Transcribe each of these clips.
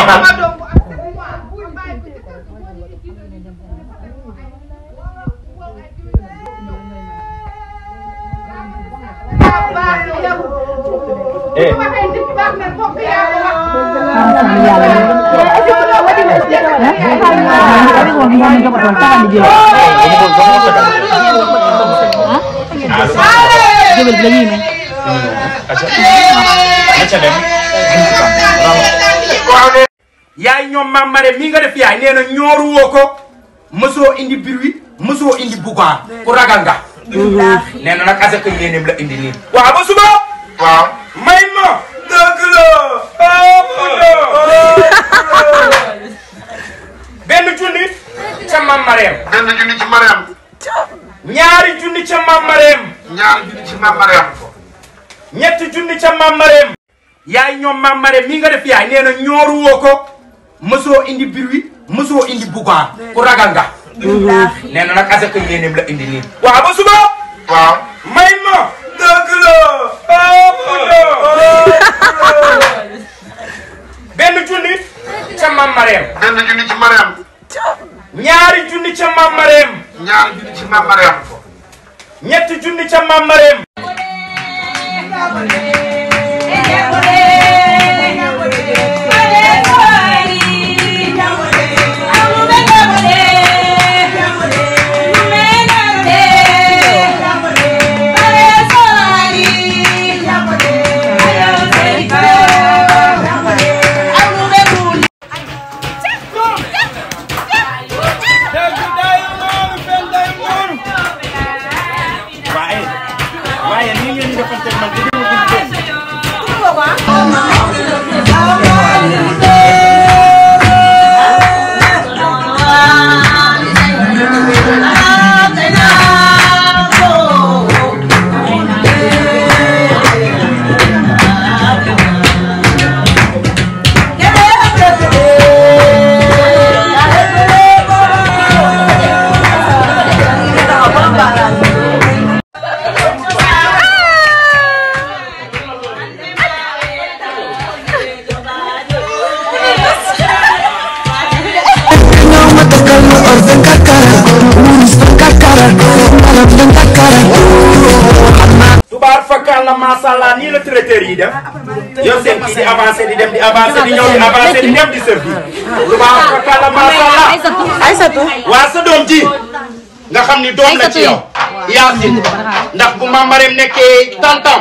Eh. Ini yaay ñoom maam mare mii nga def yaay nee na ñooru woo ko mësoo indi bruit mësoo indi bouga ku ragal nga nee na nag asaka yéeneem la indi nii waaw ba suba may ma dëgg la benn junni ca maam mareem benn junni ci mareem ñaari junni ca maam mareem ñetti junni ca maam mareem yaay ñoom maam mareem mii nga def yaay nee na ñooru woo mësoo indi bruit mësoo indi bouga ku ragal nga. nee na nag asaka la indi nii. waaw ba suba. may ma. la. benn ca Mam Marème. benn junni ci Marème. ñaari junni ca Mam Marème. junni ci Mam Oradan kakara Ulusdan kakara Malamdan kakara tubaar fakkaan la maasàllaa nii la traiteur yi def yow di avancé di dem di avancé di ñëw di avancé di dem di sër bi tubaar fakkaan la maasàllaa Aysatu waa sa doom ji nga xam ni la ci yow Yaasin ndax bu mamareem nekkee tantam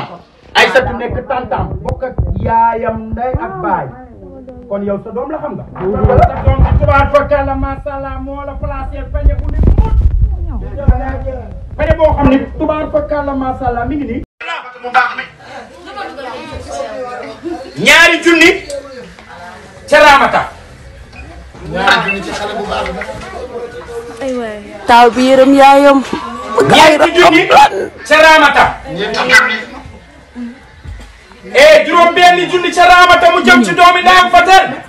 Aysatu nekk tantam bokk ak yaayam nday ak baay kon yow sa doom la xam nga tubaab fakal la macha allah moo la placé peñe bu ni mut. peñe boo xam ne tubaab fakal la macha allah mi ngi nii. mu baax mi. ñaari junni ca raamata. ñaari junni ci xale bu baax aywa taw bi yërëm ñaari junni ca raamata. e juróom benni junni ca raamata mu jëm ci doomi naam fatel.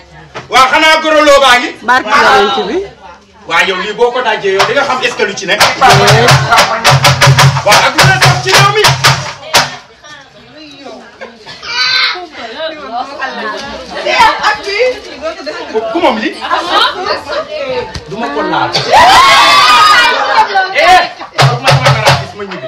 waa xanaa goro loo baa ngi. barke yonent bi. waa yow lii boo ko dajee yow di nga xam est ci nekk. waa a lu la sax ci réew mi. ku moom li ah, ah. du ma ko laal. eh. ma sama garaas ma ñibbi.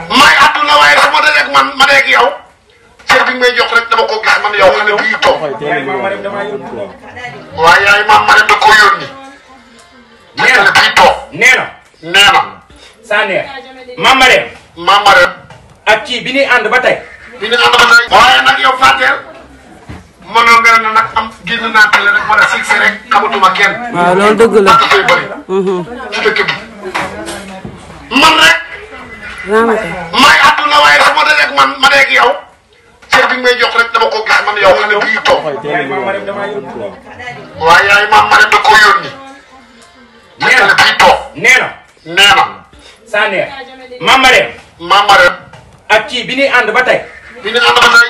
woon yow xale bii toog waaye yaay maam Marème da koo yónni. nee na bii toog. maam Marème. maam ak kii bi ñuy ànd ba tey. bi ñuy ànd ba waaye nag yow Fatel. mënoon nga ne nag am génn naa télé rek wala succès rek xamatuma kenn. waaw loolu la mhm. waaye su ma dee ak cër bi may jox rek dama ko gis man yow xale bii toog waaye yaay maam ma dem da koo yónni. nee na bii toog. nee na. nee na. saa neex. maam ma dem. maam ma dem. ak kii bi ñuy ànd ba tey. bi ñuy ànd ba tey.